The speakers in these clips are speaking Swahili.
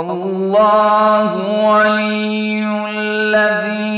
الله ولي الذين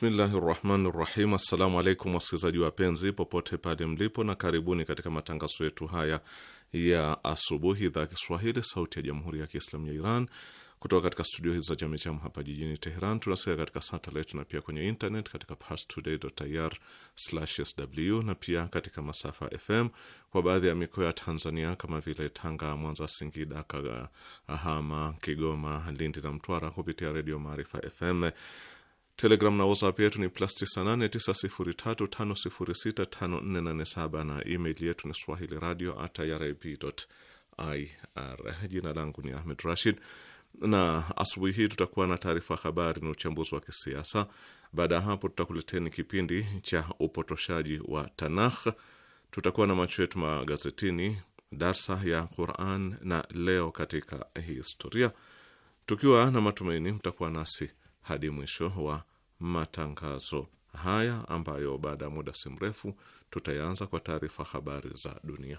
Bismillahi rahmani rahim. Assalamu alaikum wasikilizaji wapenzi popote pale mlipo, na karibuni katika matangazo yetu haya ya asubuhi, idhaa ya Kiswahili sauti ya jamhuri ya Kiislamu ya Iran kutoka katika studio hizi za Jamijamu hapa jijini Teheran. Tunasikia katika satelit na pia kwenye internet katika parstoday.ir/sw na pia katika masafa FM kwa baadhi ya mikoa ya Tanzania kama vile Tanga, Mwanza, Singida, Kahama, Kigoma, Lindi na Mtwara kupitia redio Maarifa FM. Telegram na WhatsApp yetu ni plus 989035065487 na email yetu ni swahili radio at irib.ir. Jina langu ni Ahmed Rashid, na asubuhi hii tutakuwa na taarifa habari na uchambuzi wa kisiasa. Baada ya hapo, tutakuleteni kipindi cha upotoshaji wa Tanakh, tutakuwa na macho yetu magazetini, darsa ya Quran na leo katika historia. Tukiwa na matumaini, mtakuwa nasi hadi mwisho wa matangazo haya ambayo baada ya muda si mrefu tutayaanza kwa taarifa habari za dunia.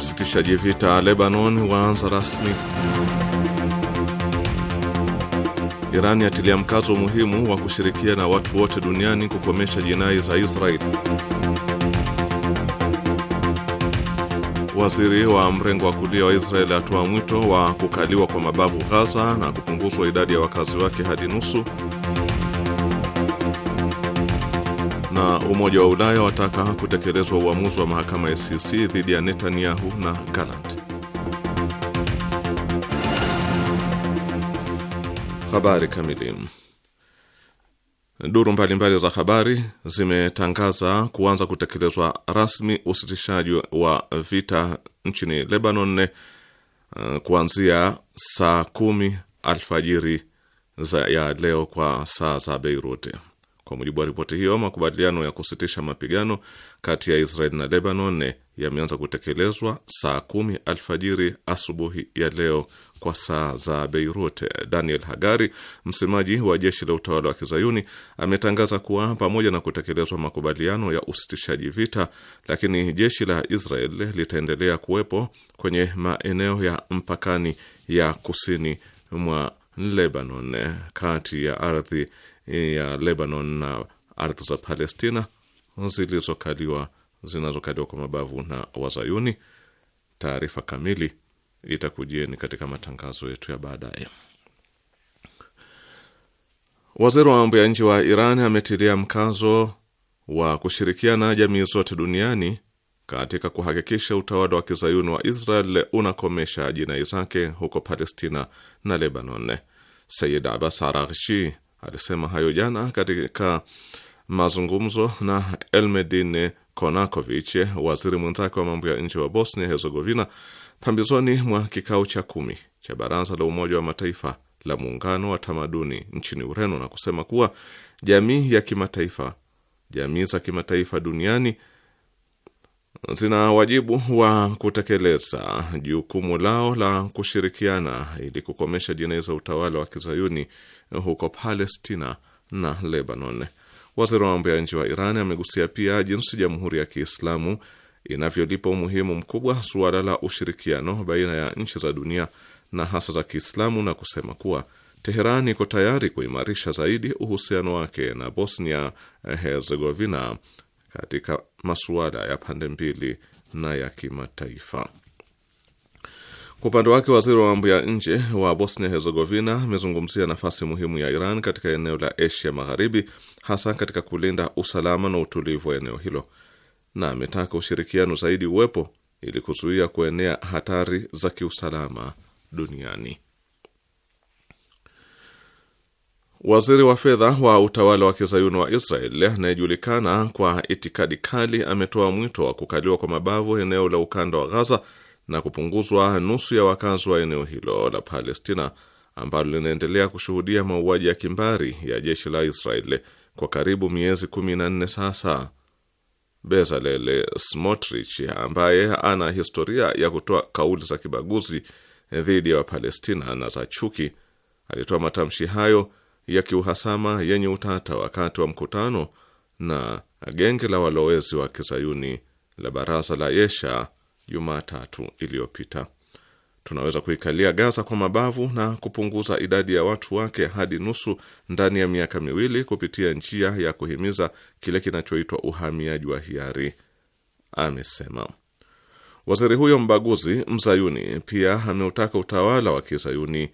Usitishaji vita Lebanon waanza rasmi. Irani yatilia mkazo muhimu wa kushirikiana na watu wote duniani kukomesha jinai za Israeli. Waziri wa mrengo wa kulia wa Israeli atoa mwito wa kukaliwa kwa mabavu Gaza na kupunguzwa idadi ya wakazi wake hadi nusu. na Umoja wa Ulaya wataka kutekelezwa uamuzi wa mahakama ya ICC e dhidi ya Netanyahu na Gallant. Habari kamili. Duru mbalimbali za habari zimetangaza kuanza kutekelezwa rasmi usitishaji wa vita nchini Lebanon eh, kuanzia saa kumi alfajiri za ya leo kwa saa za Beirut. Kwa mujibu wa ripoti hiyo, makubaliano ya kusitisha mapigano kati ya Israel na Lebanon yameanza kutekelezwa saa kumi alfajiri asubuhi ya leo kwa saa za Beirut. Daniel Hagari, msemaji wa jeshi la utawala wa Kizayuni, ametangaza kuwa pamoja na kutekelezwa makubaliano ya usitishaji vita, lakini jeshi la Israel litaendelea kuwepo kwenye maeneo ya mpakani ya kusini mwa Lebanon, kati ya ardhi Eh, ya Lebanon na ardhi za Palestina zilizokaliwa zinazokaliwa kwa mabavu na Wazayuni. Taarifa kamili itakujieni katika matangazo yetu ya baadaye. Waziri wa mambo ya nje wa Iran ametilia mkazo wa kushirikiana jamii zote duniani katika kuhakikisha utawala wa kizayuni wa Israel unakomesha jinai zake huko Palestina na Lebanon. Sayid Abbas Araghchi Alisema hayo jana katika mazungumzo na Elmedin konakovich waziri mwenzake wa mambo ya nje wa Bosnia Herzegovina, pambizoni mwa kikao cha kumi cha Baraza la Umoja wa Mataifa la Muungano wa Tamaduni nchini Ureno, na kusema kuwa jamii ya kimataifa, jamii za kimataifa duniani zina wajibu wa kutekeleza jukumu lao la kushirikiana ili kukomesha jinai za utawala wa kizayuni huko Palestina na Lebanon. Waziri wa mambo ya nje wa Iran amegusia pia jinsi Jamhuri ya Kiislamu inavyolipa umuhimu mkubwa suala la ushirikiano baina ya nchi za dunia na hasa za Kiislamu na kusema kuwa Teheran iko tayari kuimarisha zaidi uhusiano wake na Bosnia Herzegovina katika masuala ya pande mbili na ya kimataifa. Kwa upande wake waziri wa mambo ya nje wa Bosnia Herzegovina amezungumzia nafasi muhimu ya Iran katika eneo la Asia Magharibi, hasa katika kulinda usalama na utulivu wa eneo hilo, na ametaka ushirikiano zaidi uwepo ili kuzuia kuenea hatari za kiusalama duniani. Waziri wa fedha wa utawala wa kizayuni wa Israel anayejulikana kwa itikadi kali ametoa mwito wa kukaliwa kwa mabavu eneo la ukanda wa Ghaza na kupunguzwa nusu ya wakazi wa eneo hilo la Palestina ambalo linaendelea kushuhudia mauaji ya kimbari ya jeshi la Israeli kwa karibu miezi kumi na nne sasa. Bezalel Smotrich ambaye ana historia ya kutoa kauli za kibaguzi dhidi ya Wapalestina na za chuki alitoa matamshi hayo ya kiuhasama yenye utata wakati wa mkutano na genge la walowezi wa kizayuni la Baraza la Yesha Jumatatu iliyopita. Tunaweza kuikalia Gaza kwa mabavu na kupunguza idadi ya watu wake hadi nusu ndani ya miaka miwili kupitia njia ya kuhimiza kile kinachoitwa uhamiaji wa hiari, amesema waziri huyo mbaguzi mzayuni. Pia ameutaka utawala wa kizayuni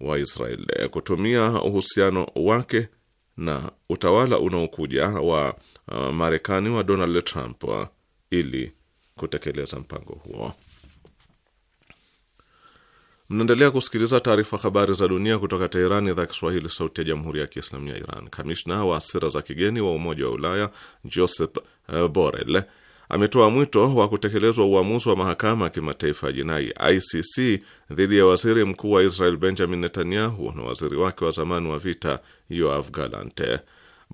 wa Israel kutumia uhusiano wake na utawala unaokuja wa uh, Marekani wa Donald Trump ili kutekeleza mpango huo. Mnaendelea kusikiliza taarifa habari za dunia kutoka Teherani, idhaa Kiswahili, sauti ya jamhuri ya kiislamu ya Iran. Kamishna wa sera za kigeni wa Umoja wa Ulaya Joseph eh, Borrell ametoa mwito wa kutekelezwa uamuzi wa mahakama ya kimataifa ya jinai ICC dhidi ya waziri mkuu wa Israel Benjamin Netanyahu na waziri wake wa zamani wa vita Yoav Galante.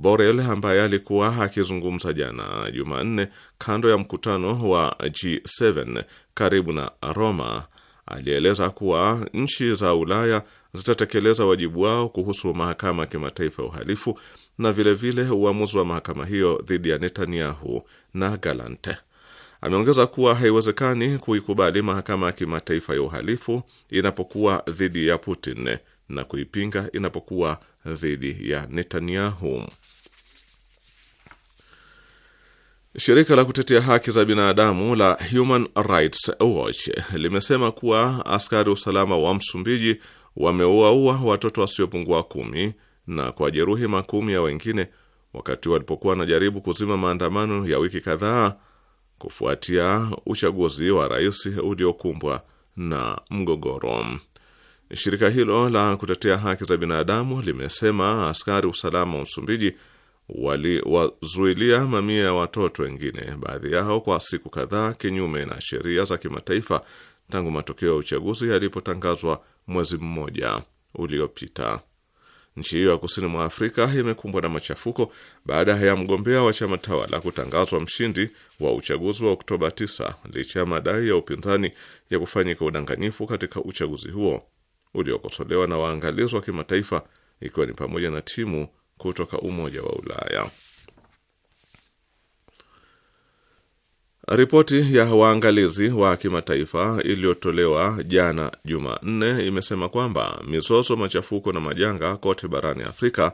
Borel ambaye alikuwa akizungumza jana Jumanne kando ya mkutano wa G7 karibu na Roma alieleza kuwa nchi za Ulaya zitatekeleza wajibu wao kuhusu mahakama ya kimataifa ya uhalifu na vilevile vile uamuzi wa mahakama hiyo dhidi ya Netanyahu na Galante. Ameongeza kuwa haiwezekani kuikubali mahakama ya kimataifa ya uhalifu inapokuwa dhidi ya Putin na kuipinga inapokuwa dhidi ya Netanyahu. Shirika la kutetea haki za binadamu la Human Rights Watch limesema kuwa askari usalama wa Msumbiji wameuaua watoto wasiopungua kumi na kwa jeruhi makumi ya wengine wakati walipokuwa wanajaribu kuzima maandamano ya wiki kadhaa kufuatia uchaguzi wa rais uliokumbwa na mgogoro. Shirika hilo la kutetea haki za binadamu limesema askari usalama wa Msumbiji waliwazuilia mamia ya watoto wengine, baadhi yao kwa siku kadhaa, kinyume na sheria za kimataifa tangu matokeo ya uchaguzi yalipotangazwa mwezi mmoja uliopita. Nchi hiyo ya kusini mwa Afrika imekumbwa na machafuko baada ya mgombea wa chama tawala kutangazwa mshindi wa uchaguzi wa Oktoba 9 licha ya madai ya upinzani ya kufanyika udanganyifu katika uchaguzi huo uliokosolewa na waangalizi wa kimataifa, ikiwa ni pamoja na timu kutoka Umoja wa Ulaya. Ripoti ya waangalizi wa kimataifa iliyotolewa jana Jumanne imesema kwamba mizozo, machafuko na majanga kote barani Afrika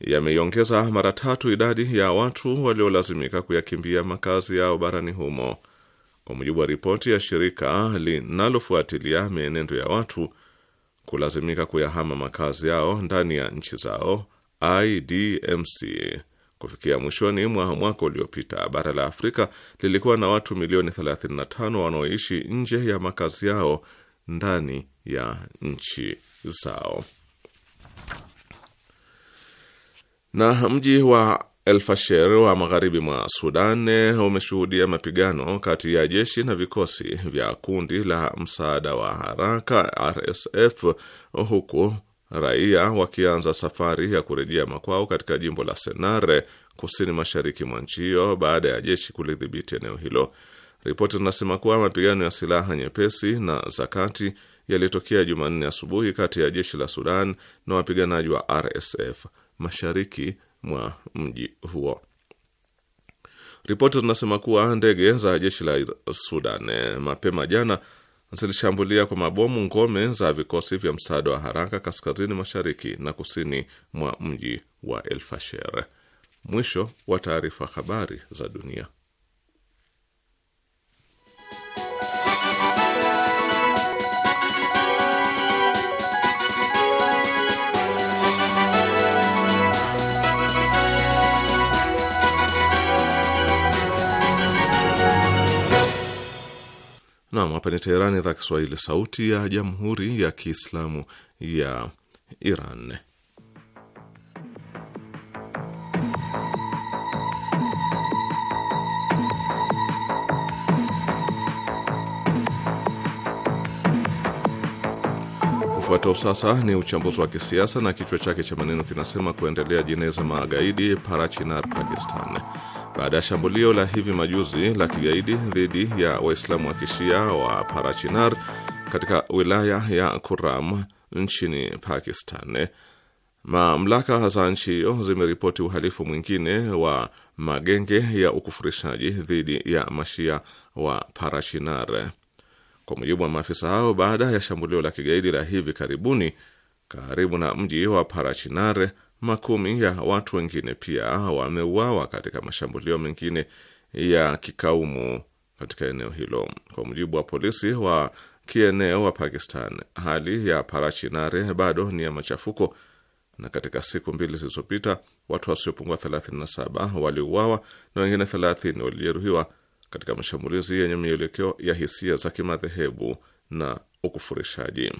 yameiongeza mara tatu idadi ya watu waliolazimika kuyakimbia makazi yao barani humo. Kwa mujibu wa ripoti ya shirika linalofuatilia mienendo ya watu kulazimika kuyahama makazi yao ndani ya nchi zao IDMC. Kufikia mwishoni mwa mwaka uliopita, bara la Afrika lilikuwa na watu milioni 35 wanaoishi nje ya makazi yao ndani ya nchi zao. Na mji wa Elfasher wa magharibi mwa Sudan eh, umeshuhudia mapigano kati ya jeshi na vikosi vya kundi la msaada wa haraka RSF huku raia wakianza safari ya kurejea makwao katika jimbo la Senare eh, kusini mashariki mwa nchi hiyo baada ya jeshi kulidhibiti eneo hilo. Ripoti zinasema kuwa mapigano ya silaha nyepesi na za kati yalitokea Jumanne asubuhi kati ya jeshi la Sudan na wapiganaji wa RSF mashariki mwa mji huo. Ripoti zinasema kuwa ndege za jeshi la Sudan eh, mapema jana zilishambulia kwa mabomu ngome za vikosi vya msaada wa haraka kaskazini mashariki na kusini mwa mji wa Elfasher. Mwisho wa taarifa. Habari za dunia. Naam, hapa ni Teherani, idhaa Kiswahili, sauti ya jamhuri ya kiislamu ya Iran. Ufuatao sasa ni uchambuzi wa kisiasa na kichwa chake cha maneno kinasema kuendelea jineza magaidi Parachinar, Pakistan baada ya shambulio la hivi majuzi la kigaidi dhidi ya Waislamu wa kishia wa Parachinar katika wilaya ya Kuram nchini Pakistan. Mamlaka za nchi hiyo zimeripoti uhalifu mwingine wa magenge ya ukufurishaji dhidi ya mashia wa Parachinar. Kwa mujibu wa maafisa hao, baada ya shambulio la kigaidi la hivi karibuni karibu na mji wa Parachinar makumi ya watu wengine pia wameuawa katika mashambulio mengine ya kikaumu katika eneo hilo. Kwa mujibu wa polisi wa kieneo wa Pakistan, hali ya Parachinare bado ni ya machafuko, na katika siku mbili zilizopita watu wasiopungua 37 waliuawa na wengine 30 walijeruhiwa katika mashambulizi yenye mielekeo ya hisia za kimadhehebu na ukufurishaji,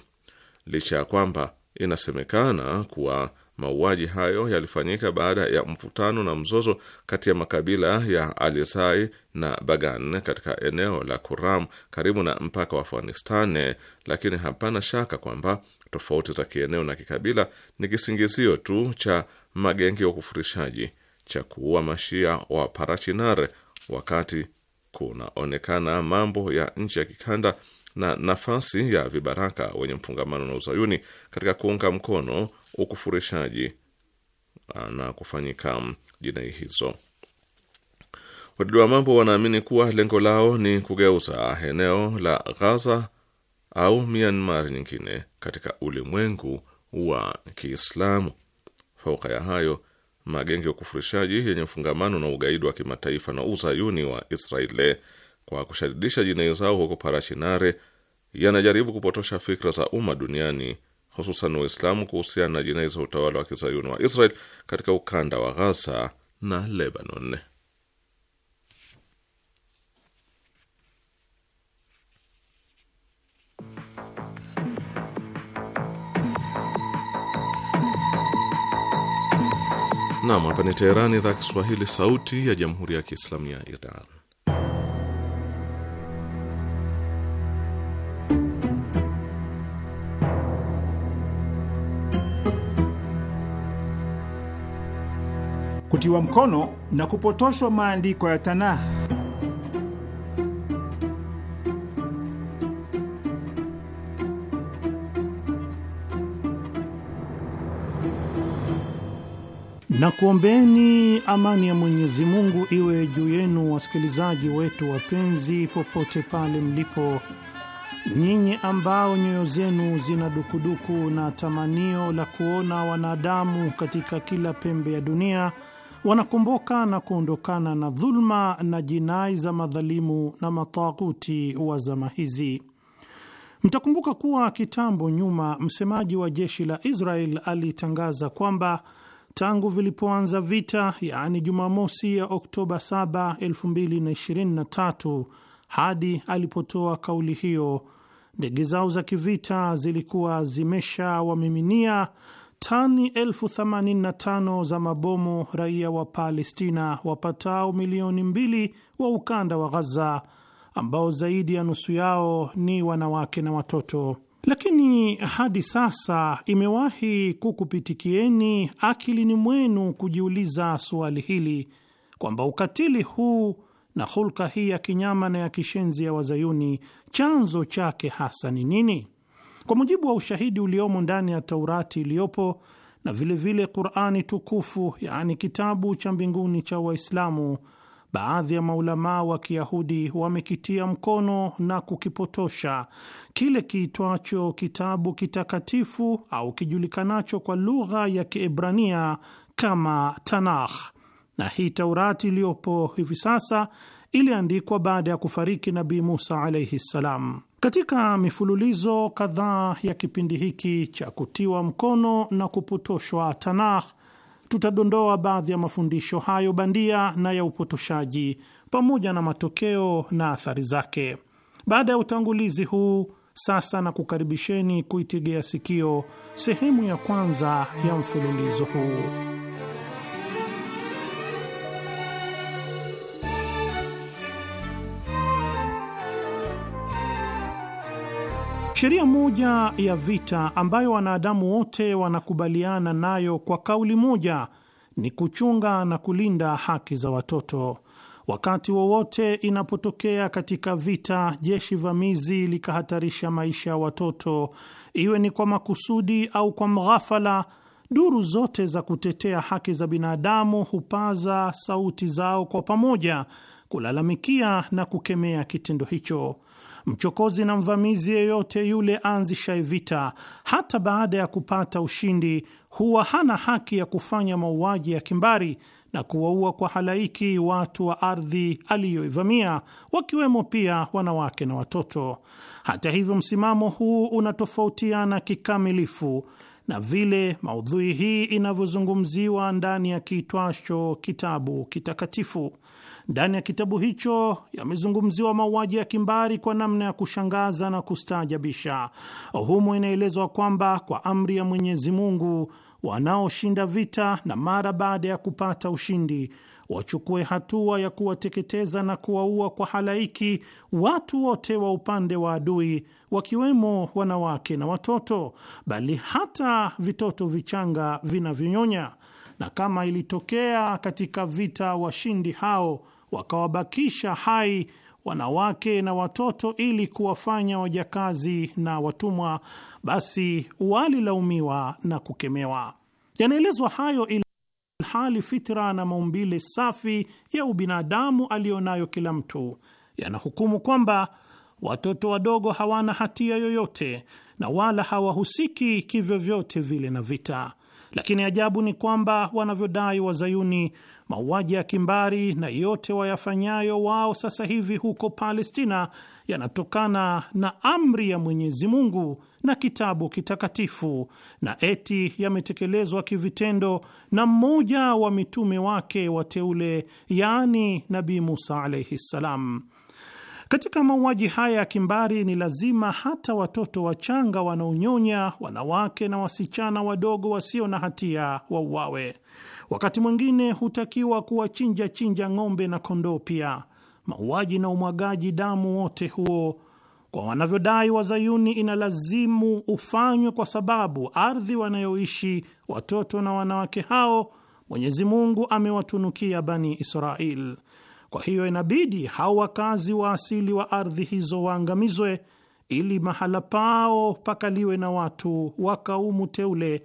licha ya kwamba inasemekana kuwa Mauaji hayo yalifanyika baada ya mvutano na mzozo kati ya makabila ya Alizai na Bagan katika eneo la Kuram karibu na mpaka wa Afghanistan, lakini hapana shaka kwamba tofauti za kieneo na kikabila ni kisingizio tu cha magenge ya ukufurishaji cha kuua mashia wa Parachinar, wakati kunaonekana mambo ya nchi ya kikanda na nafasi ya vibaraka wenye mfungamano na uzayuni katika kuunga mkono ukufurishaji ah, na kufanyika jinai hizo. Wadudu wa mambo wanaamini kuwa lengo lao ni kugeuza eneo la Ghaza au Myanmar nyingine katika ulimwengu wa Kiislamu. Fauka ya hayo, magenge ya ukufurishaji yenye mfungamano na ugaidi wa kimataifa na uzayuni wa Israeli kwa kushadidisha jinai zao huko Parachinare yanajaribu kupotosha fikra za umma duniani hususan Waislamu kuhusiana na jinai za utawala wa kizayuni wa Israel katika ukanda wa Ghaza na Lebanon. Nam, hapa ni Teherani, idhaa Kiswahili, sauti ya jamhuri ya kiislamu ya Iran. kutiwa mkono na kupotoshwa maandiko ya Tanakh. Na kuombeni amani ya Mwenyezi Mungu iwe juu yenu, wasikilizaji wetu wapenzi, popote pale mlipo, nyinyi ambao nyoyo zenu zina dukuduku na tamanio la kuona wanadamu katika kila pembe ya dunia wanakomboka na kuondokana na dhuluma na jinai za madhalimu na mataghuti wa zama hizi. Mtakumbuka kuwa kitambo nyuma, msemaji wa jeshi la Israel alitangaza kwamba tangu vilipoanza vita, yaani Jumamosi ya Oktoba 7, 2023 hadi alipotoa kauli hiyo, ndege zao za kivita zilikuwa zimesha wamiminia tani elfu themanini na tano za mabomu raia wa Palestina wapatao milioni mbili wa ukanda wa Ghaza ambao zaidi ya nusu yao ni wanawake na watoto. Lakini hadi sasa imewahi kukupitikieni akilini mwenu kujiuliza suali hili kwamba ukatili huu na hulka hii ya kinyama na ya kishenzi ya Wazayuni chanzo chake hasa ni nini? Kwa mujibu wa ushahidi uliomo ndani ya Taurati iliyopo na vilevile Qurani tukufu, yaani kitabu cha mbinguni cha Waislamu, baadhi ya maulamaa wa Kiyahudi wamekitia mkono na kukipotosha kile kiitwacho kitabu kitakatifu au kijulikanacho kwa lugha ya Kiebrania kama Tanakh, na hii Taurati iliyopo hivi sasa iliandikwa baada ya kufariki Nabii Musa alaihi ssalam. Katika mifululizo kadhaa ya kipindi hiki cha kutiwa mkono na kupotoshwa Tanakh, tutadondoa baadhi ya mafundisho hayo bandia na ya upotoshaji pamoja na matokeo na athari zake. Baada ya utangulizi huu, sasa na kukaribisheni kuitegea sikio sehemu ya kwanza ya mfululizo huu. Sheria moja ya vita ambayo wanadamu wote wanakubaliana nayo kwa kauli moja ni kuchunga na kulinda haki za watoto. Wakati wowote wa inapotokea katika vita jeshi vamizi likahatarisha maisha ya watoto, iwe ni kwa makusudi au kwa mghafala, duru zote za kutetea haki za binadamu hupaza sauti zao kwa pamoja kulalamikia na kukemea kitendo hicho. Mchokozi na mvamizi yeyote yule aanzishaye vita, hata baada ya kupata ushindi, huwa hana haki ya kufanya mauaji ya kimbari na kuwaua kwa halaiki watu wa ardhi aliyoivamia, wakiwemo pia wanawake na watoto. Hata hivyo, msimamo huu unatofautiana kikamilifu na vile maudhui hii inavyozungumziwa ndani ya kiitwacho kitabu kitakatifu. Ndani ya kitabu hicho yamezungumziwa mauaji ya kimbari kwa namna ya kushangaza na kustaajabisha. Humo inaelezwa kwamba kwa amri ya Mwenyezi Mungu, wanaoshinda vita na mara baada ya kupata ushindi wachukue hatua ya kuwateketeza na kuwaua kwa halaiki watu wote wa upande wa adui, wakiwemo wanawake na watoto, bali hata vitoto vichanga vinavyonyonya. Na kama ilitokea katika vita, washindi hao wakawabakisha hai wanawake na watoto ili kuwafanya wajakazi na watumwa, basi walilaumiwa na kukemewa. Yanaelezwa hayo hali fitra na maumbile safi ya ubinadamu aliyonayo kila mtu yanahukumu kwamba watoto wadogo hawana hatia yoyote na wala hawahusiki kivyovyote vile na vita. Lakini ajabu ni kwamba wanavyodai wazayuni mauaji ya kimbari na yote wayafanyayo wao sasa hivi huko Palestina yanatokana na amri ya Mwenyezi Mungu na kitabu kitakatifu, na eti yametekelezwa kivitendo na mmoja wa mitume wake wateule, yaani Nabii Musa alaihi ssalam. Katika mauaji haya ya kimbari ni lazima hata watoto wachanga wanaonyonya, wanawake na wasichana wadogo wasio na hatia wauawe. Wakati mwingine hutakiwa kuwachinja chinja ng'ombe na kondoo pia. Mauaji na umwagaji damu wote huo, kwa wanavyodai Wazayuni, inalazimu ufanywe kwa sababu ardhi wanayoishi watoto na wanawake hao Mwenyezi Mungu amewatunukia Bani Israel. Kwa hiyo inabidi hao wakazi wa asili wa ardhi hizo waangamizwe ili mahala pao pakaliwe na watu wa kaumu teule,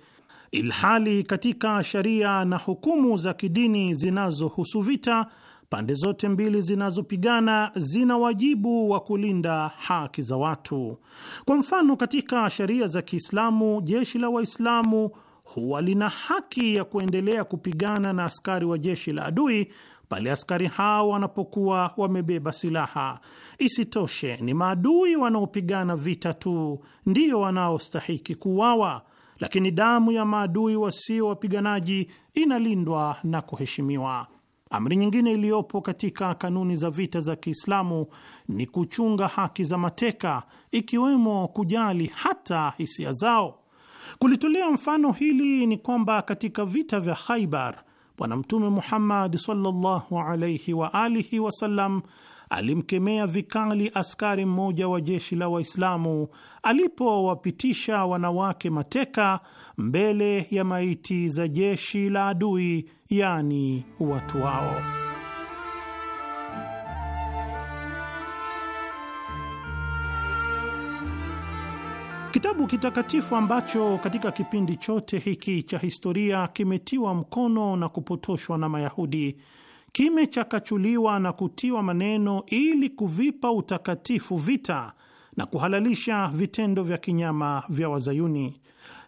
ilhali katika sharia na hukumu za kidini zinazohusu vita, pande zote mbili zinazopigana zina wajibu wa kulinda haki za watu. Kwa mfano, katika sharia za Kiislamu, jeshi la Waislamu huwa lina haki ya kuendelea kupigana na askari wa jeshi la adui pale askari hao wanapokuwa wamebeba silaha. Isitoshe, ni maadui wanaopigana vita tu ndiyo wanaostahiki kuuawa, lakini damu ya maadui wasio wapiganaji inalindwa na kuheshimiwa. Amri nyingine iliyopo katika kanuni za vita za Kiislamu ni kuchunga haki za mateka, ikiwemo kujali hata hisia zao. Kulitolea mfano hili ni kwamba katika vita vya Khaibar Bwana Mtume Muhammad sallallahu alaihi wa alihi wasallam alimkemea vikali askari mmoja wa jeshi la Waislamu alipowapitisha wanawake mateka mbele ya maiti za jeshi la adui, yaani watu wao. Kitabu kitakatifu ambacho katika kipindi chote hiki cha historia kimetiwa mkono na kupotoshwa na Mayahudi kimechakachuliwa na kutiwa maneno ili kuvipa utakatifu vita na kuhalalisha vitendo vya kinyama vya Wazayuni.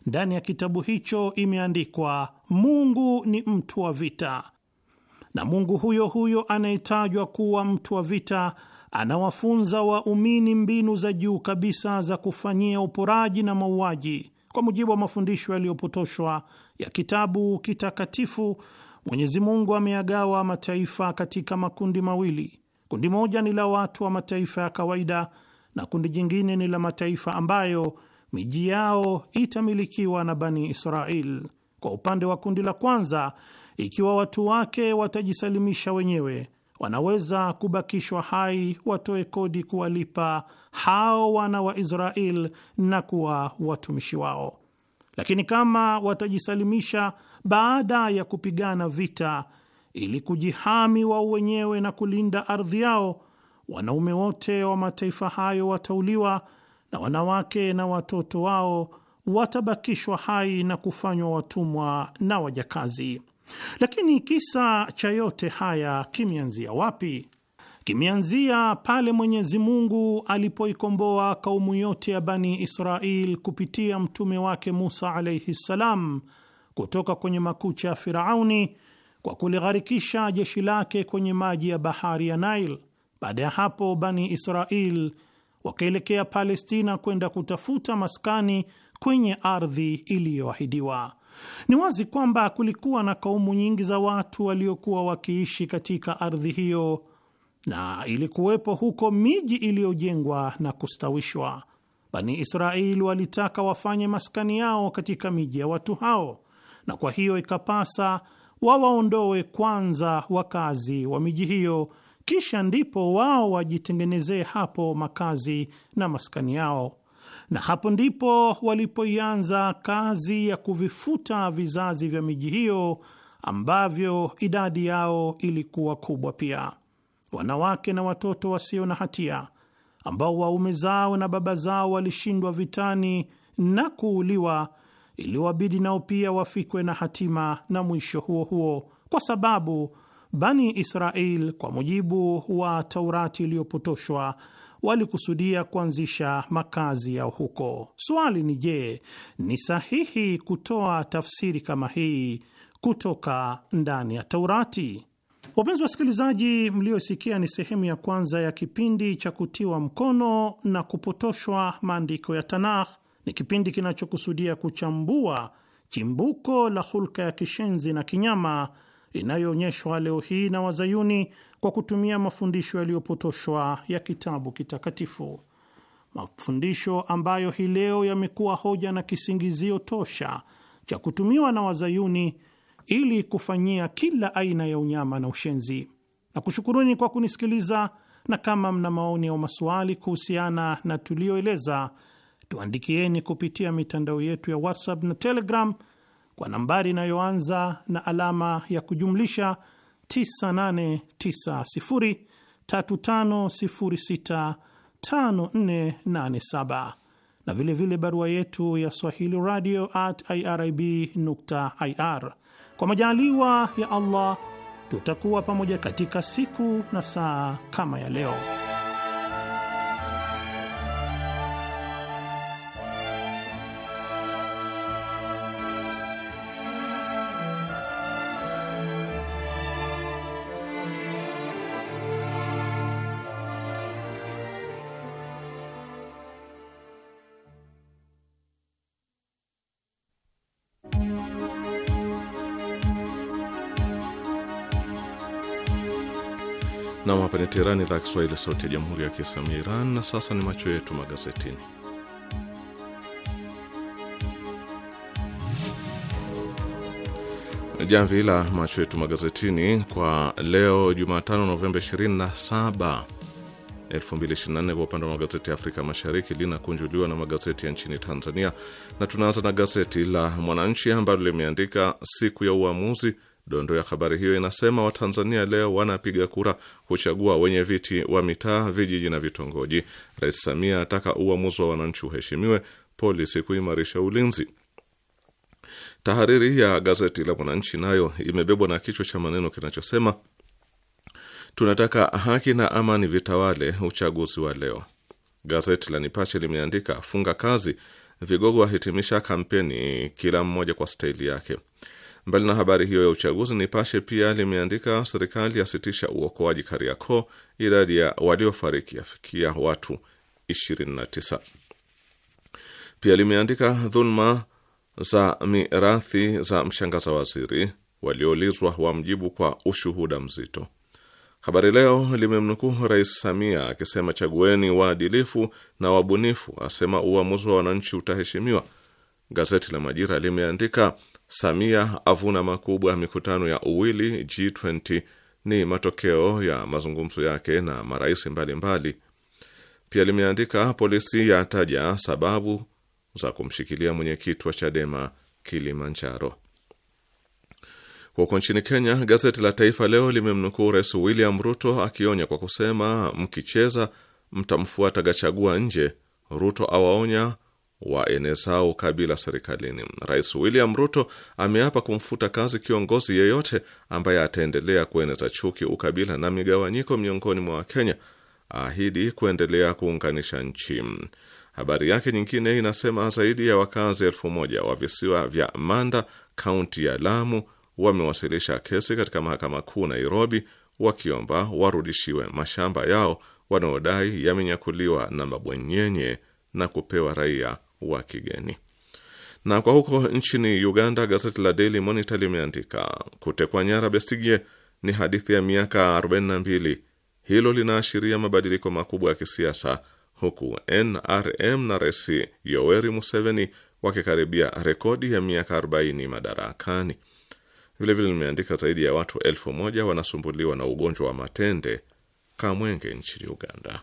Ndani ya kitabu hicho imeandikwa, Mungu ni mtu wa vita, na Mungu huyo huyo anayetajwa kuwa mtu wa vita anawafunza waumini mbinu za juu kabisa za kufanyia uporaji na mauaji kwa mujibu wa mafundisho yaliyopotoshwa ya kitabu kitakatifu. Mwenyezi Mungu ameagawa mataifa katika makundi mawili. Kundi moja ni la watu wa mataifa ya kawaida na kundi jingine ni la mataifa ambayo miji yao itamilikiwa na Bani Israel. Kwa upande wa kundi la kwanza, ikiwa watu wake watajisalimisha wenyewe wanaweza kubakishwa hai, watoe kodi kuwalipa hao wana wa Israel na kuwa watumishi wao, lakini kama watajisalimisha baada ya kupigana vita ili kujihami wao wenyewe na kulinda ardhi yao, wanaume wote wa mataifa hayo watauliwa na wanawake na watoto wao watabakishwa hai na kufanywa watumwa na wajakazi. Lakini kisa cha yote haya kimeanzia wapi? Kimeanzia pale Mwenyezi Mungu alipoikomboa kaumu yote ya Bani Israel kupitia mtume wake Musa alaihi ssalam kutoka kwenye makucha ya Firauni kwa kuligharikisha jeshi lake kwenye maji ya bahari ya Nile. Baada ya hapo, Bani Israel wakaelekea Palestina kwenda kutafuta maskani kwenye ardhi iliyoahidiwa. Ni wazi kwamba kulikuwa na kaumu nyingi za watu waliokuwa wakiishi katika ardhi hiyo na ilikuwepo huko miji iliyojengwa na kustawishwa. Bani Israeli walitaka wafanye maskani yao katika miji ya watu hao, na kwa hiyo ikapasa wawaondoe kwanza wakazi wa miji hiyo, kisha ndipo wao wajitengenezee hapo makazi na maskani yao na hapo ndipo walipoianza kazi ya kuvifuta vizazi vya miji hiyo ambavyo idadi yao ilikuwa kubwa pia. Wanawake na watoto wasio na hatia ambao waume zao na baba zao walishindwa vitani na kuuliwa, iliwabidi nao pia wafikwe na hatima na mwisho huo huo, kwa sababu Bani Israel, kwa mujibu wa Taurati iliyopotoshwa walikusudia kuanzisha makazi yao huko. Swali ni je, ni sahihi kutoa tafsiri kama hii kutoka ndani ya Taurati? Wapenzi wasikilizaji, mliyosikia ni sehemu ya kwanza ya kipindi cha kutiwa mkono na kupotoshwa maandiko ya Tanakh. Ni kipindi kinachokusudia kuchambua chimbuko la hulka ya kishenzi na kinyama inayoonyeshwa leo hii na Wazayuni kwa kutumia mafundisho yaliyopotoshwa ya kitabu kitakatifu, mafundisho ambayo hii leo yamekuwa hoja na kisingizio tosha cha kutumiwa na wazayuni ili kufanyia kila aina ya unyama na ushenzi. Na kushukuruni kwa kunisikiliza, na kama mna maoni au maswali kuhusiana na tuliyoeleza, tuandikieni kupitia mitandao yetu ya WhatsApp na Telegram kwa nambari inayoanza na alama ya kujumlisha 9890 na vilevile vile barua yetu ya Swahili radio at irib ir. Kwa majaliwa ya Allah, tutakuwa pamoja katika siku na saa kama ya leo. Nam, hapa ni Teherani, idhaa ya Kiswahili, sauti ya jamhuri ya kiislamu ya Iran. Na sasa ni macho yetu magazetini. Jamvi la macho yetu magazetini kwa leo Jumatano, Novemba 27 2024 kwa upande wa magazeti ya Afrika Mashariki linakunjuliwa na magazeti ya nchini Tanzania, na tunaanza na gazeti la Mwananchi ambalo limeandika siku ya uamuzi Dondo ya habari hiyo inasema Watanzania leo wanapiga kura kuchagua wenye viti wa mitaa, vijiji na vitongoji. Rais Samia ataka uamuzi wa wananchi uheshimiwe, polisi kuimarisha ulinzi. Tahariri ya gazeti la Mwananchi nayo imebebwa na kichwa cha maneno kinachosema tunataka haki na amani vitawale uchaguzi wa leo. Gazeti la Nipashe limeandika funga kazi, vigogo wahitimisha kampeni kila mmoja kwa staili yake. Mbali na habari hiyo ya uchaguzi, Nipashe pia limeandika serikali yasitisha uokoaji Kariakoo, idadi ya waliofariki yafikia watu 29. Pia limeandika dhuluma za mirathi za mshangaza waziri, walioulizwa wamjibu kwa ushuhuda mzito. Habari Leo limemnukuu Rais Samia akisema chagueni waadilifu na wabunifu, asema uamuzi wa wananchi utaheshimiwa. Gazeti la Majira limeandika Samia avuna makubwa mikutano ya Uwili G20 ni matokeo ya mazungumzo yake na marais mbalimbali. Pia limeandika polisi yataja sababu za kumshikilia mwenyekiti wa Chadema Kilimanjaro. Huko nchini Kenya, gazeti la Taifa Leo limemnukuu Rais William Ruto akionya kwa kusema, mkicheza mtamfuata Gachagua nje. Ruto awaonya waenezao ukabila serikalini. Rais William Ruto ameapa kumfuta kazi kiongozi yeyote ambaye ataendelea kueneza chuki, ukabila na migawanyiko miongoni mwa Wakenya, ahidi kuendelea kuunganisha nchi. Habari yake nyingine inasema zaidi ya wakazi elfu moja wa visiwa vya Manda, kaunti ya Lamu, wamewasilisha kesi katika mahakama kuu Nairobi, wakiomba warudishiwe mashamba yao wanaodai yamenyakuliwa na mabwenyenye na kupewa raia wa kigeni. Na kwa huko nchini Uganda, gazeti la Daily Monitor limeandika kutekwa nyara Besigye ni hadithi ya miaka 42. Hilo linaashiria mabadiliko makubwa ya kisiasa, huku NRM na Rais Yoweri Museveni wakikaribia rekodi ya miaka 40 madarakani. Vilevile limeandika zaidi ya watu elfu moja wanasumbuliwa na ugonjwa wa matende kamwenge nchini Uganda.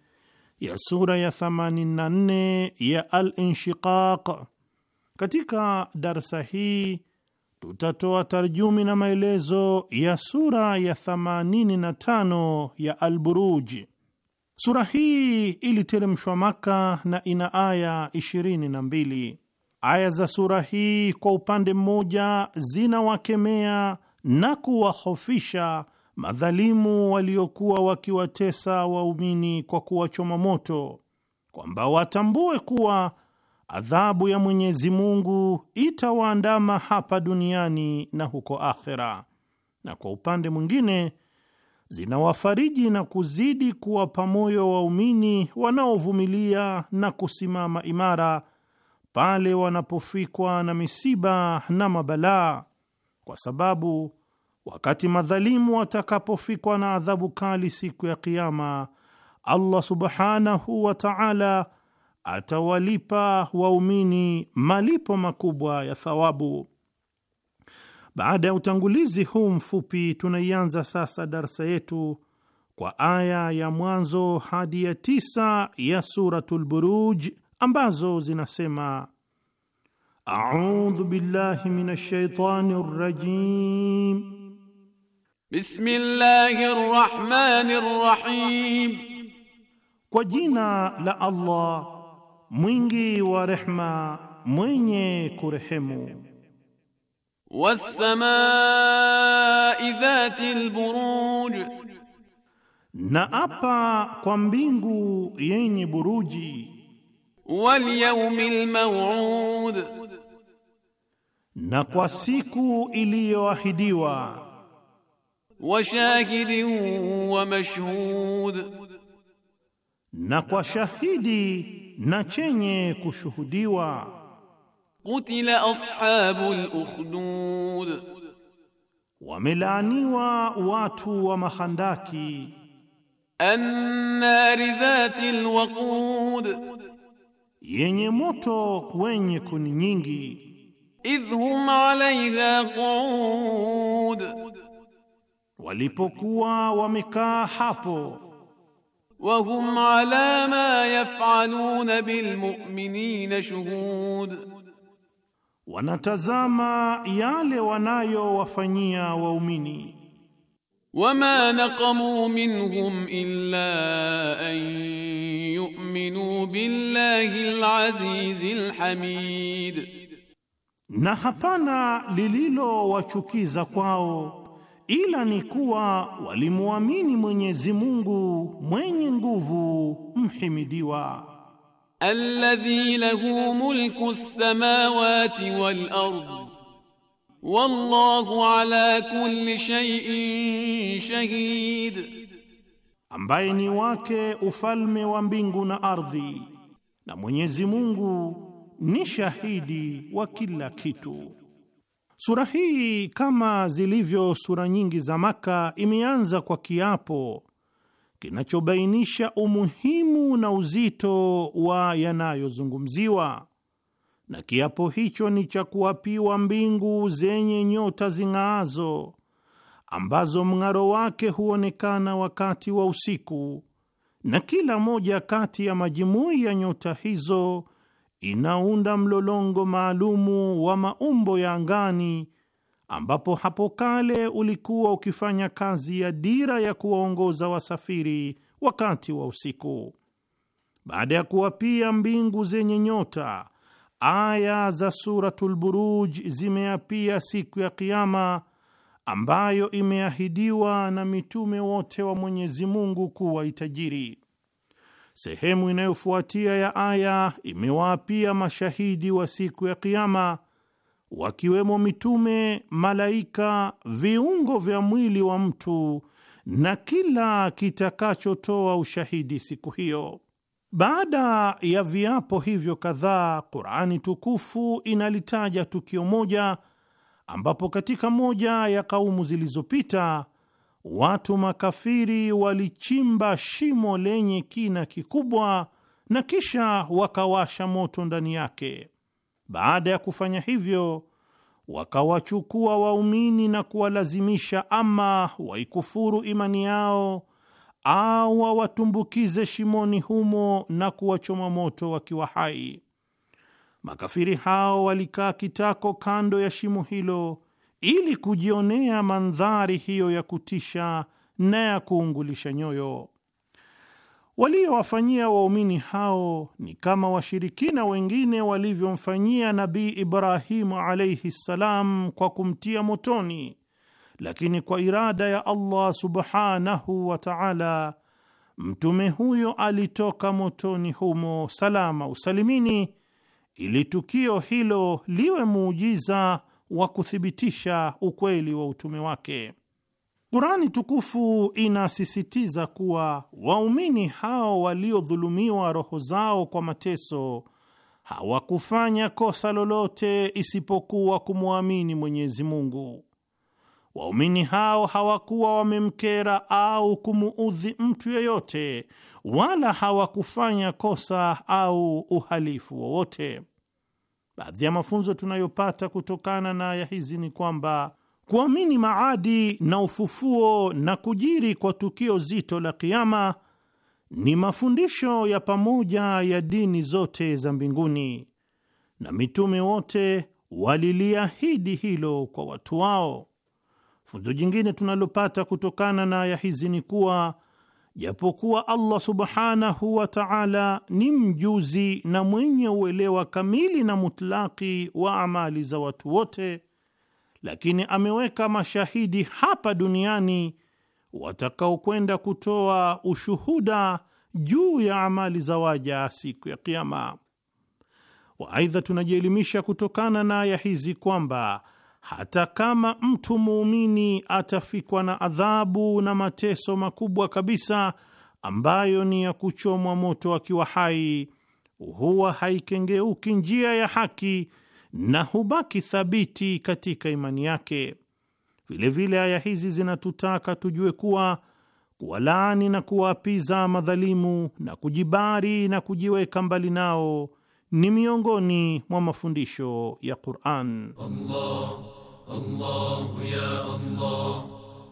ya sura ya 84 ya Al-Inshiqaq. Katika darsa hii tutatoa tarjumi na maelezo ya sura ya 85 ya Al-Buruj. Sura hii iliteremshwa Maka na ina aya 22. Aya za sura hii kwa upande mmoja zinawakemea na kuwahofisha madhalimu waliokuwa wakiwatesa waumini kwa kuwachoma moto, kwamba watambue kuwa adhabu ya Mwenyezi Mungu itawaandama hapa duniani na huko akhera, na kwa upande mwingine zinawafariji na kuzidi kuwapa moyo waumini wanaovumilia na kusimama imara pale wanapofikwa na misiba na mabalaa, kwa sababu Wakati madhalimu watakapofikwa na adhabu kali siku ya Kiama, Allah subhanahu wa taala atawalipa waumini malipo makubwa ya thawabu. Baada ya utangulizi huu mfupi, tunaianza sasa darsa yetu kwa aya ya mwanzo hadi ya tisa ya Suratul Buruj ambazo zinasema: audhu billahi minash shaitani rajim Bismillahir Rahmanir Rahim, kwa jina la Allah mwingi wa rehma mwenye kurehemu. Wassamai dhatil buruj, na apa kwa mbingu yenye buruji. Wal yawmil maw'ud, na kwa siku iliyoahidiwa wa shahidi wa mashhud, na kwa shahidi na chenye kushuhudiwa. Qutila ashabul ukhdud, wamelaaniwa watu wa mahandaki. Annari dhatil waqud, yenye moto wenye kuni nyingi. hum alaiha qu'ud walipokuwa wamekaa hapo. wa hum ala ma yafaluna bilmuminina shuhud, wanatazama yale wanayowafanyia waumini. wama naqamu minhum illa an yu'minu billahi alazizi alhamid, na hapana lililowachukiza kwao ila ni kuwa walimwamini Mwenyezi Mungu mwenye nguvu mhimidiwa. Alladhi lahu mulku samawati wal ard wallahu ala kulli shay'in shahid, ambaye ni wake ufalme wa mbingu na ardhi, na Mwenyezi Mungu ni shahidi wa kila kitu. Sura hii kama zilivyo sura nyingi za Maka imeanza kwa kiapo kinachobainisha umuhimu na uzito wa yanayozungumziwa, na kiapo hicho ni cha kuapiwa mbingu zenye nyota zing'aazo ambazo mng'aro wake huonekana wakati wa usiku, na kila moja kati ya majimui ya nyota hizo inaunda mlolongo maalumu wa maumbo ya angani ambapo hapo kale ulikuwa ukifanya kazi ya dira ya kuwaongoza wasafiri wakati wa usiku. Baada ya kuwapia mbingu zenye nyota, aya za Suratul Buruj zimeapia siku ya Kiama ambayo imeahidiwa na mitume wote wa Mwenyezi Mungu kuwa itajiri. Sehemu inayofuatia ya aya imewaapia mashahidi wa siku ya Kiama, wakiwemo mitume, malaika, viungo vya mwili wa mtu na kila kitakachotoa ushahidi siku hiyo. Baada ya viapo hivyo kadhaa, Qur'ani tukufu inalitaja tukio moja ambapo katika moja ya kaumu zilizopita watu makafiri walichimba shimo lenye kina kikubwa na kisha wakawasha moto ndani yake. Baada ya kufanya hivyo, wakawachukua waumini na kuwalazimisha ama waikufuru imani yao au wawatumbukize shimoni humo na kuwachoma moto wakiwa hai. Makafiri hao walikaa kitako kando ya shimo hilo ili kujionea mandhari hiyo ya kutisha na ya kuungulisha nyoyo. Waliowafanyia waumini hao ni kama washirikina wengine walivyomfanyia Nabii Ibrahimu alaihi ssalam kwa kumtia motoni, lakini kwa irada ya Allah subhanahu wa taala mtume huyo alitoka motoni humo salama usalimini, ili tukio hilo liwe muujiza wa kuthibitisha ukweli wa utume wake. Kurani tukufu inasisitiza kuwa waumini hao waliodhulumiwa roho zao kwa mateso hawakufanya kosa lolote isipokuwa kumwamini Mwenyezi Mungu. Waumini hao hawakuwa wamemkera au kumuudhi mtu yeyote, wala hawakufanya kosa au uhalifu wowote. Baadhi ya mafunzo tunayopata kutokana na aya hizi ni kwamba kuamini maadi na ufufuo na kujiri kwa tukio zito la Kiama ni mafundisho ya pamoja ya dini zote za mbinguni, na mitume wote waliliahidi hilo kwa watu wao. Funzo jingine tunalopata kutokana na aya hizi ni kuwa japokuwa Allah subhanahu wa ta'ala ni mjuzi na mwenye uelewa kamili na mutlaki wa amali za watu wote, lakini ameweka mashahidi hapa duniani watakaokwenda kutoa ushuhuda juu ya amali za waja siku ya Kiyama. Waaidha, tunajielimisha kutokana na aya hizi kwamba hata kama mtu muumini atafikwa na adhabu na mateso makubwa kabisa ambayo ni ya kuchomwa moto akiwa hai, huwa haikengeuki njia ya haki na hubaki thabiti katika imani yake. Vilevile, aya hizi zinatutaka tujue kuwa kuwalaani na kuwaapiza madhalimu na kujibari na kujiweka mbali nao ni miongoni mwa mafundisho ya Qur'an. Allah, Allah, ya Allah,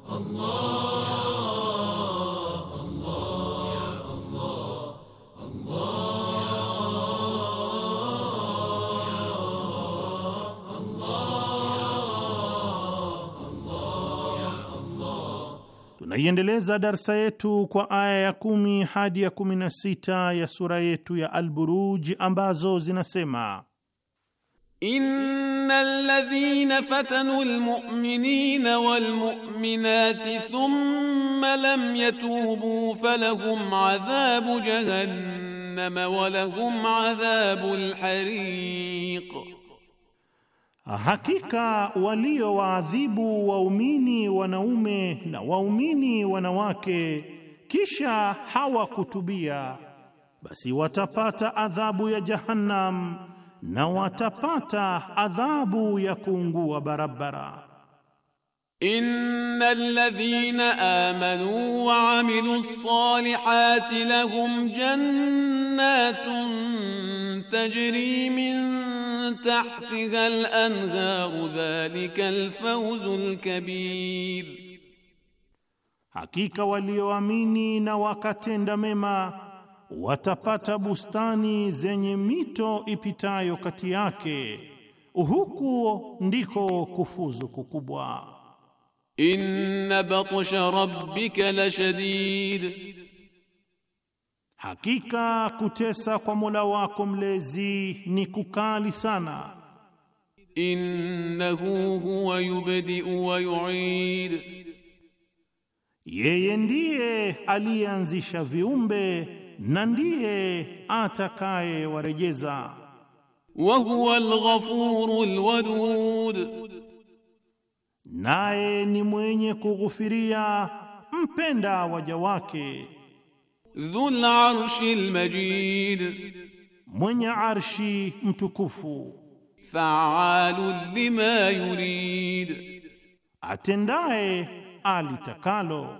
Allah, Allah, ya Allah, Allah Tunaiendeleza darsa yetu kwa aya ya kumi hadi ya kumi na sita ya sura yetu ya Al-Buruj ambazo zinasema: Innal ladhina fatanu almu'minina walmu'minati thumma lam yatubu falahum adhabu jahannam walahum adhabul hariq Hakika waliowaadhibu waumini wanaume na waumini wanawake kisha hawakutubia, basi watapata adhabu ya Jahannam na watapata adhabu ya kuungua barabara. Innal ladhina amanu wa amilu ssalihati lahum jannatun tajri min tahtiha al-anharu dhalika al-fawzu hakika walioamini na wakatenda mema watapata bustani zenye mito ipitayo kati yake, huku ndiko kufuzu kukubwa. Inna batsha rabbika lashadid Hakika kutesa kwa Mola wako mlezi ni kukali sana. Innahu huwa yubdiu wa yuid, yeye ndiye aliyeanzisha viumbe na ndiye atakaye warejeza. Wa huwa alghafuru wadud, naye ni mwenye kughufiria mpenda waja wake. Dhul arshi majid mwenye arshi mtukufu. Fa'alu lima yurid, atendaye alitakalo.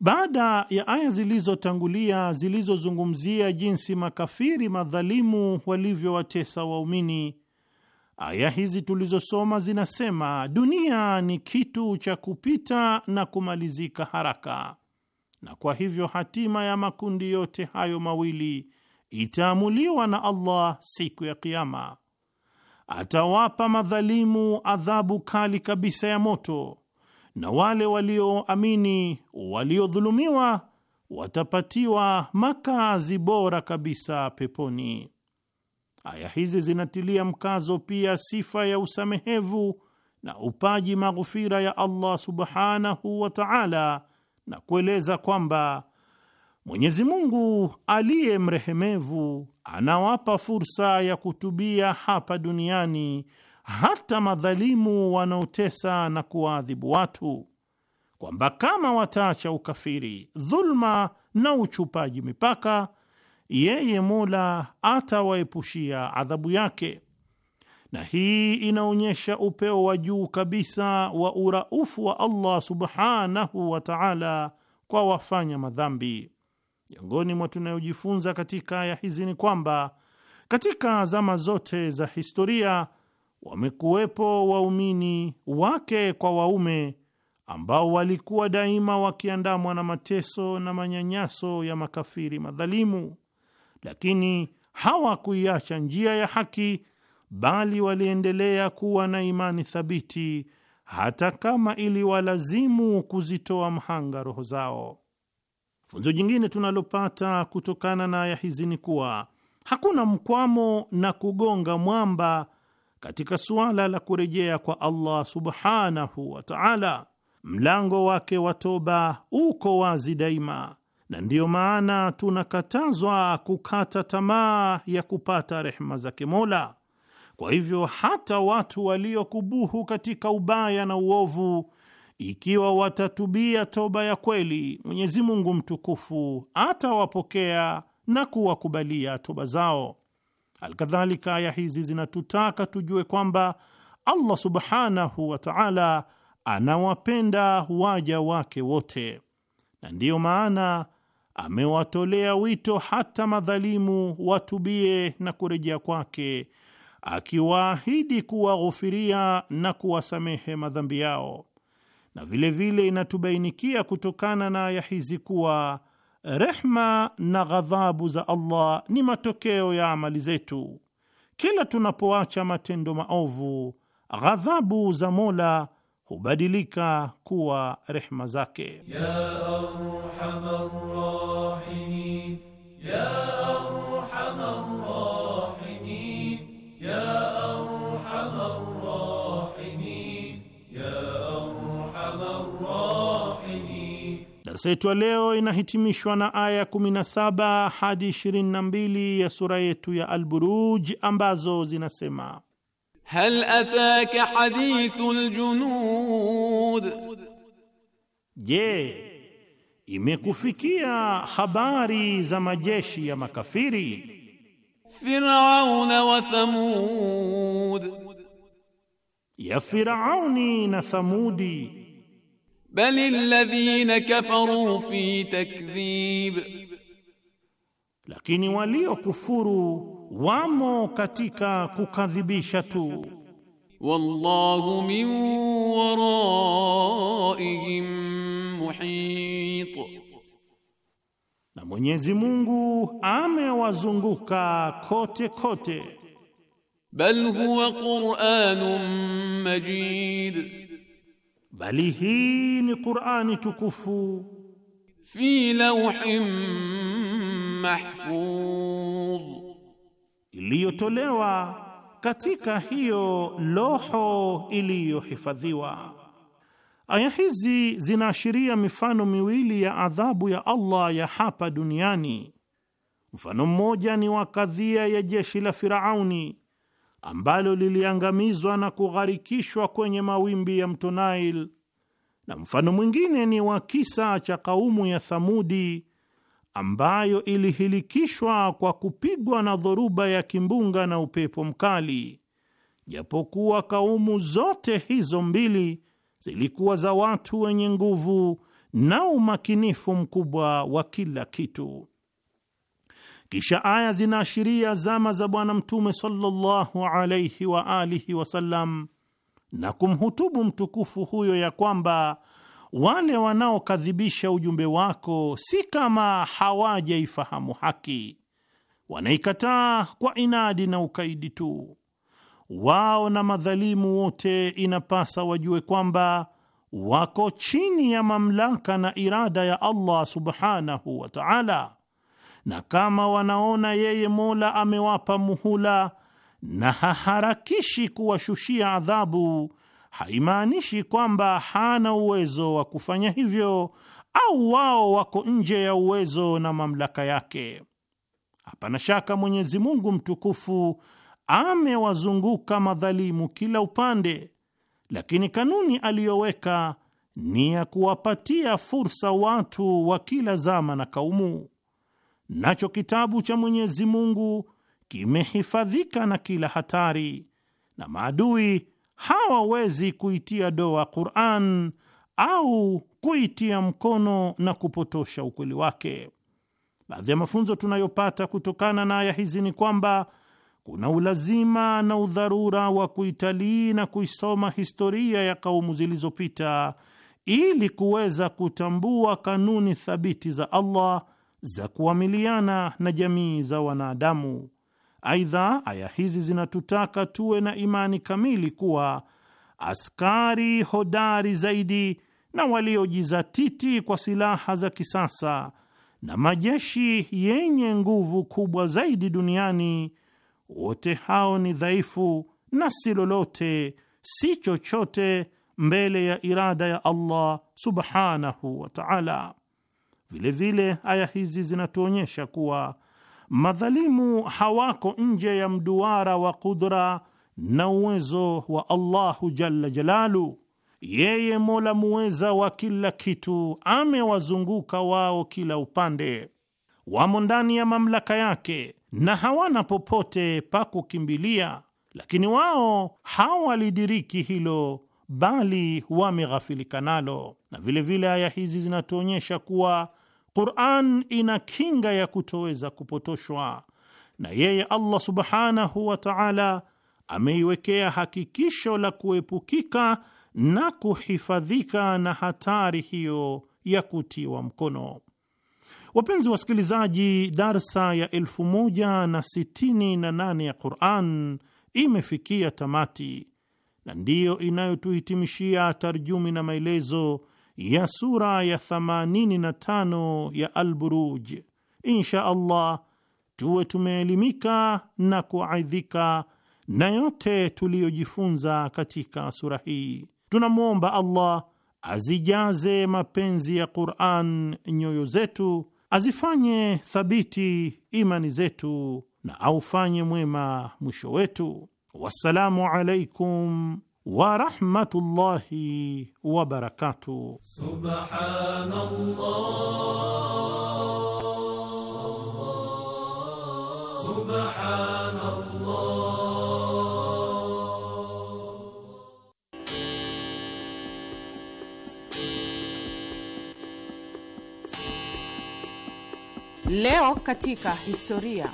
Baada ya aya zilizotangulia zilizozungumzia jinsi makafiri madhalimu walivyowatesa waumini, aya hizi tulizosoma zinasema dunia ni kitu cha kupita na kumalizika haraka na kwa hivyo hatima ya makundi yote hayo mawili itaamuliwa na Allah siku ya Kiyama. Atawapa madhalimu adhabu kali kabisa ya moto, na wale walioamini waliodhulumiwa watapatiwa makazi bora kabisa peponi. Aya hizi zinatilia mkazo pia sifa ya usamehevu na upaji maghfira ya Allah subhanahu wa ta'ala na kueleza kwamba Mwenyezi Mungu aliye mrehemevu anawapa fursa ya kutubia hapa duniani hata madhalimu wanaotesa na kuwaadhibu watu, kwamba kama wataacha ukafiri, dhulma na uchupaji mipaka, yeye Mola atawaepushia adhabu yake na hii inaonyesha upeo wa juu kabisa wa uraufu wa Allah subhanahu wa ta'ala kwa wafanya madhambi. Miongoni mwa tunayojifunza katika aya hizi ni kwamba katika zama zote za historia wamekuwepo waumini wake kwa waume ambao walikuwa daima wakiandamwa na mateso na manyanyaso ya makafiri madhalimu, lakini hawakuiacha njia ya haki bali waliendelea kuwa na imani thabiti hata kama iliwalazimu kuzitoa mhanga roho zao. Funzo jingine tunalopata kutokana na aya hizi ni kuwa hakuna mkwamo na kugonga mwamba katika suala la kurejea kwa Allah subhanahu wa ta'ala. Mlango wake wa toba uko wazi daima, na ndiyo maana tunakatazwa kukata tamaa ya kupata rehma zake Mola. Kwa hivyo hata watu waliokubuhu katika ubaya na uovu, ikiwa watatubia toba ya kweli, Mwenyezi Mungu mtukufu atawapokea na kuwakubalia toba zao. Alkadhalika, aya hizi zinatutaka tujue kwamba Allah subhanahu wa ta'ala anawapenda waja wake wote, na ndiyo maana amewatolea wito hata madhalimu watubie na kurejea kwake akiwaahidi kuwaghufiria na kuwasamehe madhambi yao, na vilevile vile inatubainikia kutokana na aya hizi kuwa rehma na ghadhabu za Allah ni matokeo ya amali zetu. Kila tunapoacha matendo maovu, ghadhabu za Mola hubadilika kuwa rehma zake ya Darsa yetu ya leo inahitimishwa na aya 17 hadi 22 ya sura yetu ya Al-Buruj ambazo zinasema: hal ataka hadithul junud, je, imekufikia habari za majeshi ya makafiri Firauna wa Thamud, ya Firauni na Thamudi. Bal alladhina kafaru fi takdhib, lakini waliokufuru wamo katika kukadhibisha tu. Wallahu min waraihim Mwenyezi Mungu amewazunguka kote kote. Bal huwa Qur'anun Majid, bali hii ni Qur'ani tukufu. Fi lawhin mahfuz, iliyotolewa katika hiyo loho iliyohifadhiwa. Aya hizi zinaashiria mifano miwili ya adhabu ya Allah ya hapa duniani. Mfano mmoja ni wa kadhia ya jeshi la Firauni ambalo liliangamizwa na kugharikishwa kwenye mawimbi ya mto Nile, na mfano mwingine ni wa kisa cha kaumu ya Thamudi ambayo ilihilikishwa kwa kupigwa na dhoruba ya kimbunga na upepo mkali. Japokuwa kaumu zote hizo mbili zilikuwa za watu wenye nguvu na umakinifu mkubwa wa kila kitu. Kisha aya zinaashiria zama za Bwana Mtume sallallahu alaihi wa alihi wasallam na kumhutubu mtukufu huyo ya kwamba wale wanaokadhibisha ujumbe wako si kama hawajaifahamu haki, wanaikataa kwa inadi na ukaidi tu, wao na madhalimu wote inapasa wajue kwamba wako chini ya mamlaka na irada ya Allah subhanahu wa ta'ala, na kama wanaona yeye Mola amewapa muhula na haharakishi kuwashushia adhabu, haimaanishi kwamba hana uwezo wa kufanya hivyo au wao wako nje ya uwezo na mamlaka yake. Hapana shaka Mwenyezi Mungu mtukufu amewazunguka madhalimu kila upande, lakini kanuni aliyoweka ni ya kuwapatia fursa watu wa kila zama na kaumu. Nacho kitabu cha Mwenyezi Mungu kimehifadhika na kila hatari, na maadui hawawezi kuitia doa Qur'an au kuitia mkono na kupotosha ukweli wake. Baadhi ya mafunzo tunayopata kutokana na aya hizi ni kwamba kuna ulazima na udharura wa kuitalii na kuisoma historia ya kaumu zilizopita ili kuweza kutambua kanuni thabiti za Allah za kuamiliana na jamii za wanadamu. Aidha, aya hizi zinatutaka tuwe na imani kamili kuwa askari hodari zaidi na waliojizatiti kwa silaha za kisasa na majeshi yenye nguvu kubwa zaidi duniani wote hao ni dhaifu na si lolote, si chochote mbele ya irada ya Allah subhanahu wa ta'ala. Vilevile aya hizi zinatuonyesha kuwa madhalimu hawako nje ya mduara wa kudra na uwezo wa Allahu jalla jalalu. Yeye Mola muweza wa kila kitu amewazunguka wao kila upande, wamo ndani ya mamlaka yake na hawana popote pa kukimbilia, lakini wao hawalidiriki hilo, bali wameghafilika nalo. Na vilevile aya hizi zinatuonyesha kuwa Qur'an ina kinga ya kutoweza kupotoshwa, na yeye Allah subhanahu wa ta'ala ameiwekea hakikisho la kuepukika na kuhifadhika na hatari hiyo ya kutiwa mkono. Wapenzi wasikilizaji, darsa ya elfu moja na sitini na nane ya Quran imefikia tamati na ndiyo inayotuhitimishia tarjumi na maelezo ya sura ya 85 ya al buruj Insha Allah tuwe tumeelimika na kuaidhika na yote tuliyojifunza katika sura hii. Tunamwomba Allah azijaze mapenzi ya Quran nyoyo zetu azifanye thabiti imani zetu na aufanye mwema mwisho wetu. Wassalamu alaikum warahmatullahi wabarakatuh. Subhanallah, Subhanallah. Leo katika historia.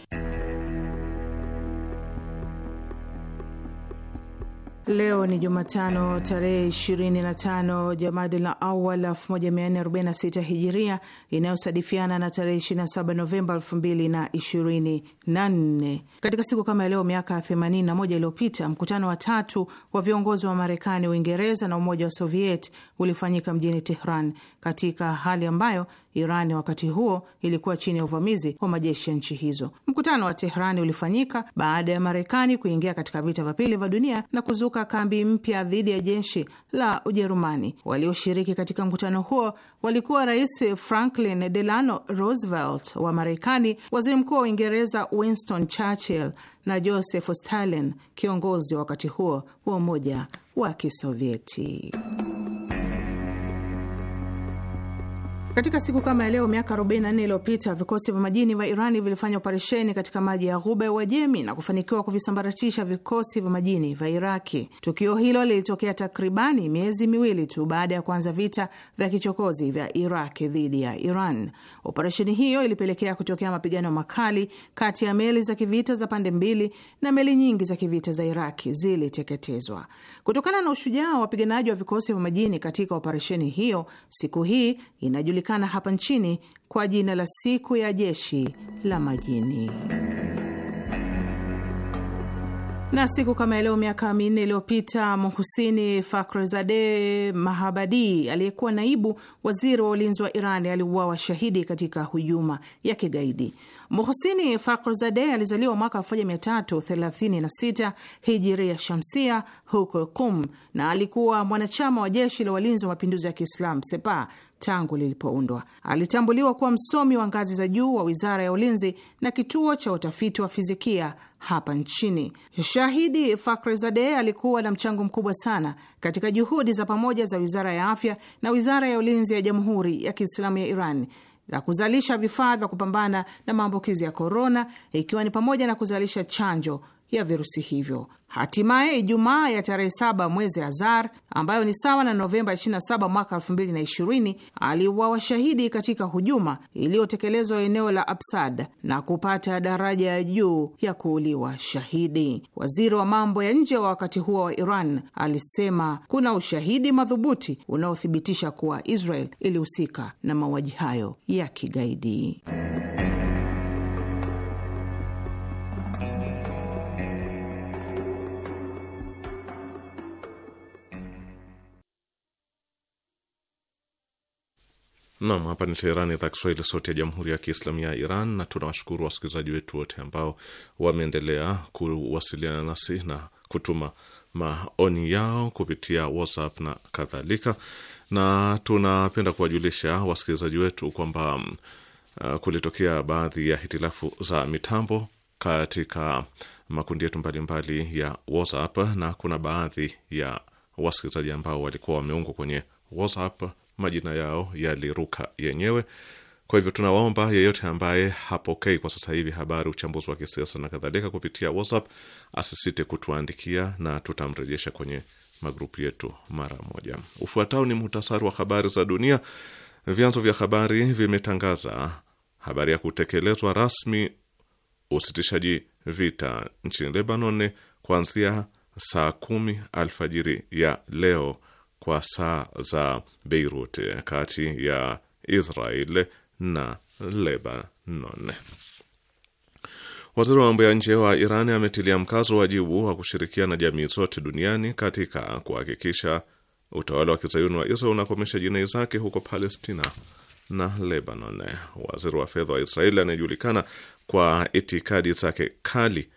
Leo ni Jumatano tarehe 25 Jamadi la Awal 1446 Hijiria, inayosadifiana na tarehe 27 Novemba 2024. Katika siku kama leo miaka 81 iliyopita, mkutano wa tatu wa viongozi wa Marekani, Uingereza na Umoja wa Soviet ulifanyika mjini Tehran, katika hali ambayo Irani wakati huo ilikuwa chini ya uvamizi wa majeshi ya nchi hizo. Mkutano wa Tehrani ulifanyika baada ya Marekani kuingia katika vita vya pili vya dunia na kuzuka kambi mpya dhidi ya jeshi la Ujerumani. Walioshiriki katika mkutano huo walikuwa Rais Franklin Delano Roosevelt wa Marekani, Waziri Mkuu wa Uingereza Winston Churchill na Joseph Stalin, kiongozi wa wakati huo wa Umoja wa Kisovieti. Katika siku kama leo miaka 44 iliyopita vikosi vya majini vya Irani vilifanya operesheni katika maji ya ghuba ya Uajemi na kufanikiwa kuvisambaratisha vikosi vya majini vya Iraki. Tukio hilo lilitokea takribani miezi miwili tu baada ya kuanza vita vya kichokozi vya Iraki dhidi ya Iran. Operesheni hiyo ilipelekea kutokea mapigano makali kati ya meli za kivita za pande mbili na meli nyingi za kivita za Iraki ziliteketezwa. Kutokana na ushujaa wa wapiganaji wa vikosi vya majini katika operesheni hiyo, siku hii inajulikana hapa nchini kwa jina la siku ya jeshi la majini. Na siku kama leo miaka minne iliyopita Mohusini Fakhrizadeh Mahabadi aliyekuwa naibu waziri wa ulinzi wa Iran aliuawa shahidi katika hujuma ya kigaidi. Mohusini Fakhrizadeh alizaliwa mwaka 1336 hijiria shamsia huko Kum na alikuwa mwanachama wa jeshi la walinzi wa mapinduzi ya Kiislam sepa tangu lilipoundwa. Alitambuliwa kuwa msomi wa ngazi za juu wa wizara ya ulinzi na kituo cha utafiti wa fizikia hapa nchini. Shahidi zade alikuwa na mchango mkubwa sana katika juhudi za pamoja za wizara ya afya na wizara ya ulinzi ya Jamhuri ya Kiislamu ya Iran za kuzalisha vifaa vya kupambana na maambukizi ya korona, ikiwa ni pamoja na kuzalisha chanjo ya virusi hivyo. Hatimaye Ijumaa ya tarehe saba mwezi Azar, ambayo ni sawa na Novemba 27 mwaka 2020, aliuawa shahidi katika hujuma iliyotekelezwa eneo la Absad na kupata daraja ya juu ya kuuliwa shahidi. Waziri wa mambo ya nje wa wakati huo wa Iran alisema kuna ushahidi madhubuti unaothibitisha kuwa Israel ilihusika na mauaji hayo ya kigaidi. Nam, hapa ni Teherani, idhaa Kiswahili, sauti ya jamhuri ya kiislamu ya Iran. Na tunawashukuru wasikilizaji wetu wote ambao wameendelea kuwasiliana nasi na kutuma maoni yao kupitia WhatsApp na kadhalika. Na tunapenda kuwajulisha wasikilizaji wetu kwamba uh, kulitokea baadhi ya hitilafu za mitambo katika makundi yetu mbalimbali ya WhatsApp na kuna baadhi ya wasikilizaji ambao walikuwa wameungwa kwenye WhatsApp majina yao yaliruka yenyewe. Kwa hivyo tunawaomba yeyote ambaye hapokei kwa sasa hivi habari, uchambuzi wa kisiasa na kadhalika kupitia WhatsApp asisite kutuandikia na tutamrejesha kwenye magrupu yetu mara moja. Ufuatao ni muhtasari wa habari za dunia. Vyanzo vya habari vimetangaza habari ya kutekelezwa rasmi usitishaji vita nchini Lebanon kuanzia saa kumi alfajiri ya leo kwa saa za Beirut kati ya Israel na Lebanon. Waziri wa mambo ya nje wa Iran ametilia mkazo wajibu wa kushirikiana jamii zote duniani katika kuhakikisha utawala wa kizayuni wa Israel unakomesha jinai zake huko Palestina na Lebanon. Waziri wa fedha wa israel anayejulikana kwa itikadi zake kali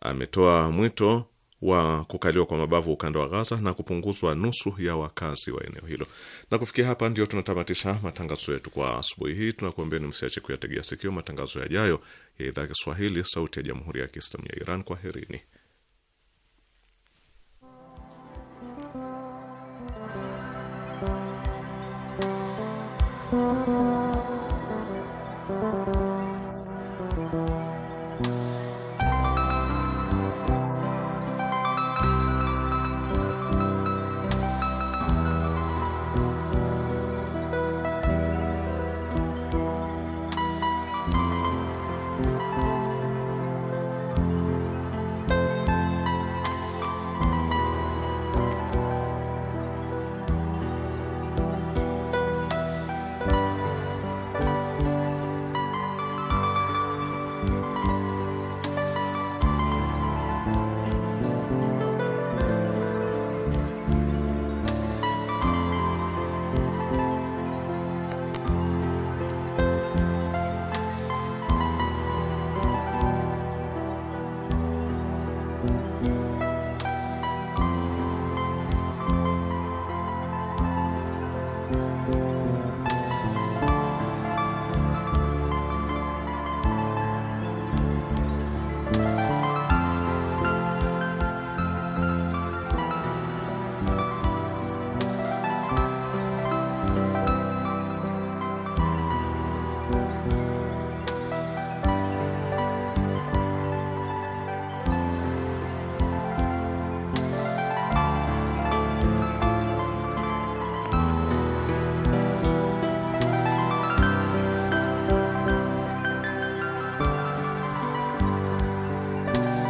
ametoa mwito wa kukaliwa kwa mabavu ukanda wa Gaza na kupunguzwa nusu ya wakazi wa eneo hilo. Na kufikia hapa ndio tunatamatisha matangazo yetu kwa asubuhi hii. ni msiache kuyategea sikio matangazo yajayo ya idhaa ya Kiswahili, Sauti ya Jamhuri ya Kiislamu ya Iran. Kwaherini.